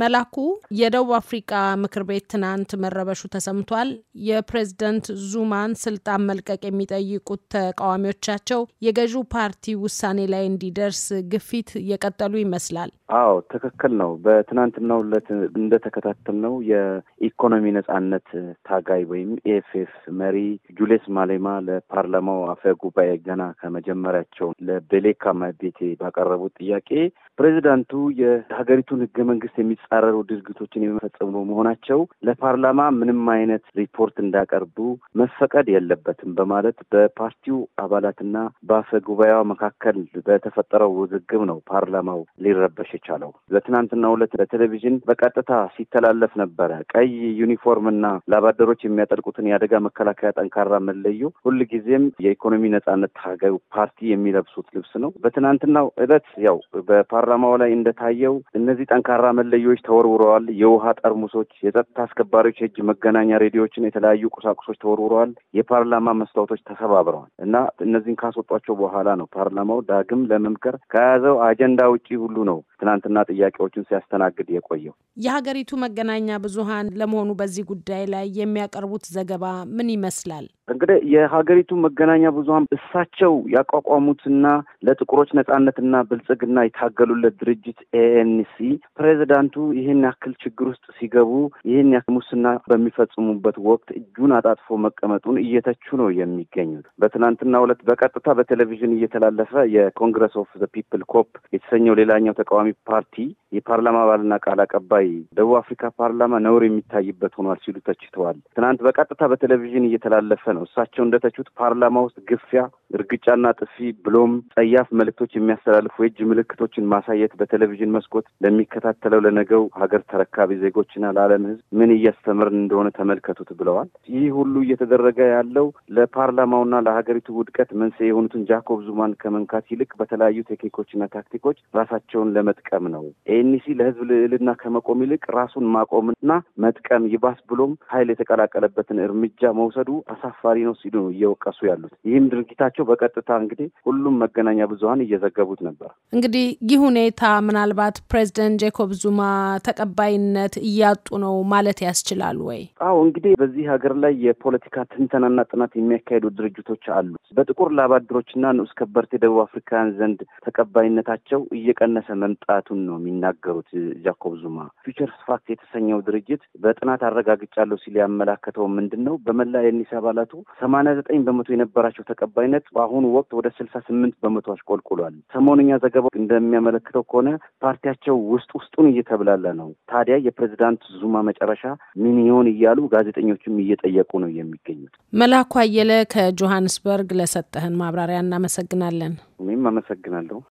መላኩ የደቡብ አፍሪቃ ምክር ቤት ትናንት መረበሹ ተሰምቷል። የፕሬዝደንት ዙማን ስልጣን መልቀቅ የሚጠይቁት ተቃዋሚዎቻቸው የገዢው ፓርቲ ውሳኔ ላይ እንዲደርስ ግፊት የቀጠሉ ይመስላል። አዎ ትክክል ነው። በትናንትናው ዕለት እንደተከታተልነው የኢኮኖሚ ነጻነት ታጋይ ወይም ኤፍኤፍ መሪ ጁሌስ ማሌማ ለፓርላማው አፈ ጉባኤ ገና ከመጀመሪያቸው ለቤሌካ ማቤቴ ባቀረቡት ጥያቄ ፕሬዚዳንቱ የሀገሪቱን ህገ መንግስት የሚ የሚጻረሩ ድርጊቶችን የሚፈጽሙ መሆናቸው ለፓርላማ ምንም አይነት ሪፖርት እንዳቀርቡ መፈቀድ የለበትም በማለት በፓርቲው አባላትና በአፈ ጉባኤዋ መካከል በተፈጠረው ውዝግብ ነው ፓርላማው ሊረበሽ የቻለው። በትናንትናው ዕለት በቴሌቪዥን በቀጥታ ሲተላለፍ ነበረ። ቀይ ዩኒፎርምና ለአባደሮች የሚያጠልቁትን የአደጋ መከላከያ ጠንካራ መለዮ ሁልጊዜም የኢኮኖሚ ነጻነት ታጋዩ ፓርቲ የሚለብሱት ልብስ ነው። በትናንትናው ዕለት ያው በፓርላማው ላይ እንደታየው እነዚህ ጠንካራ መለዩ ሬዲዮዎች ተወርውረዋል። የውሃ ጠርሙሶች፣ የጸጥታ አስከባሪዎች የእጅ መገናኛ ሬዲዮዎችን፣ የተለያዩ ቁሳቁሶች ተወርውረዋል። የፓርላማ መስታወቶች ተሰባብረዋል እና እነዚህን ካስወጧቸው በኋላ ነው ፓርላማው ዳግም ለመምከር ከያዘው አጀንዳ ውጪ ሁሉ ነው ትናንትና ጥያቄዎችን ሲያስተናግድ የቆየው። የሀገሪቱ መገናኛ ብዙሀን ለመሆኑ በዚህ ጉዳይ ላይ የሚያቀርቡት ዘገባ ምን ይመስላል? እንግዲህ የሀገሪቱ መገናኛ ብዙሀን እሳቸው ያቋቋሙትና ለጥቁሮች ነጻነትና ብልጽግና የታገሉለት ድርጅት ኤኤንሲ ፕሬዚዳንቱ ይህን ያክል ችግር ውስጥ ሲገቡ ይህን ያክል ሙስና በሚፈጽሙበት ወቅት እጁን አጣጥፎ መቀመጡን እየተቹ ነው የሚገኙት። በትናንትና ዕለት በቀጥታ በቴሌቪዥን እየተላለፈ የኮንግረስ ኦፍ ዘ ፒፕል ኮፕ የተሰኘው ሌላኛው ተቃዋሚ ሰማያዊ ፓርቲ የፓርላማ አባልና ቃል አቀባይ ደቡብ አፍሪካ ፓርላማ ነውር የሚታይበት ሆኗል ሲሉ ተችተዋል። ትናንት በቀጥታ በቴሌቪዥን እየተላለፈ ነው። እሳቸው እንደተቹት ፓርላማ ውስጥ ግፊያ፣ እርግጫና ጥፊ ብሎም ጸያፍ መልእክቶች የሚያስተላልፉ የእጅ ምልክቶችን ማሳየት በቴሌቪዥን መስኮት ለሚከታተለው ለነገው ሀገር ተረካቢ ዜጎችና ለዓለም ሕዝብ ምን እያስተምርን እንደሆነ ተመልከቱት ብለዋል። ይህ ሁሉ እየተደረገ ያለው ለፓርላማውና ለሀገሪቱ ውድቀት መንስኤ የሆኑትን ጃኮብ ዙማን ከመንካት ይልቅ በተለያዩ ቴክኒኮችና ታክቲኮች ራሳቸውን ለመ መጥቀም ነው። ኤንሲ ለህዝብ ልዕልና ከመቆም ይልቅ ራሱን ማቆምና መጥቀም ይባስ ብሎም ኃይል የተቀላቀለበትን እርምጃ መውሰዱ አሳፋሪ ነው ሲሉ ነው እየወቀሱ ያሉት። ይህም ድርጊታቸው በቀጥታ እንግዲህ ሁሉም መገናኛ ብዙሀን እየዘገቡት ነበር። እንግዲህ ይህ ሁኔታ ምናልባት ፕሬዚደንት ጄኮብ ዙማ ተቀባይነት እያጡ ነው ማለት ያስችላል ወይ? አዎ እንግዲህ በዚህ ሀገር ላይ የፖለቲካ ትንተናና ጥናት የሚያካሂዱ ድርጅቶች አሉ። በጥቁር ላባድሮችና ንዑስ ከበርቴ ደቡብ አፍሪካውያን ዘንድ ተቀባይነታቸው እየቀነሰ መምጣ ማምጣቱን ነው የሚናገሩት ጃኮብ ዙማ። ፊውቸርስ ፋክት የተሰኘው ድርጅት በጥናት አረጋግጫለሁ ሲል ያመላከተው ምንድን ነው? በመላ የኒስ አባላቱ ሰማንያ ዘጠኝ በመቶ የነበራቸው ተቀባይነት በአሁኑ ወቅት ወደ ስልሳ ስምንት በመቶ አሽቆልቁሏል። ሰሞንኛ ዘገባ እንደሚያመለክተው ከሆነ ፓርቲያቸው ውስጥ ውስጡን እየተብላለ ነው። ታዲያ የፕሬዚዳንት ዙማ መጨረሻ ምን ይሆን እያሉ ጋዜጠኞችም እየጠየቁ ነው የሚገኙት። መላኩ አየለ ከጆሀንስበርግ ለሰጠህን ማብራሪያ እናመሰግናለን። እኔም አመሰግናለሁ።